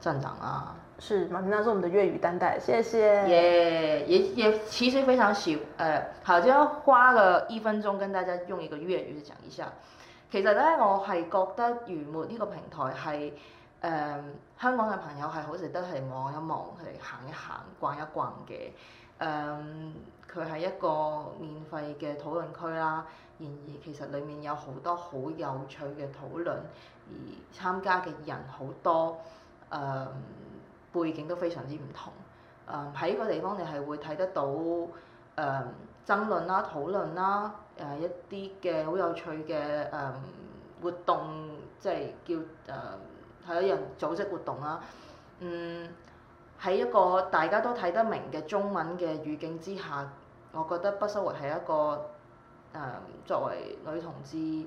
站長啊，是馬先生是我們的粵語擔帶，謝謝。Yeah, 也也也其實非常少，誒好，就、呃、花個一分鐘跟大家用一個粵語講一下。其實咧，我係覺得魚沒呢個平台係誒、呃、香港嘅朋友係好值得係望一望，係行一行、逛一逛嘅。誒、呃，佢係一個免費嘅討論區啦。然而，其實裏面有好多好有趣嘅討論，而參加嘅人好多。誒、嗯、背景都非常之唔同，誒、嗯、喺個地方你係會睇得到誒、嗯、爭論啦、啊、討論啦、啊，誒、啊、一啲嘅好有趣嘅誒、嗯、活動，即係叫誒喺人組織活動啦、啊。嗯，喺一個大家都睇得明嘅中文嘅語境之下，我覺得不失為係一個誒、嗯、作為女同志。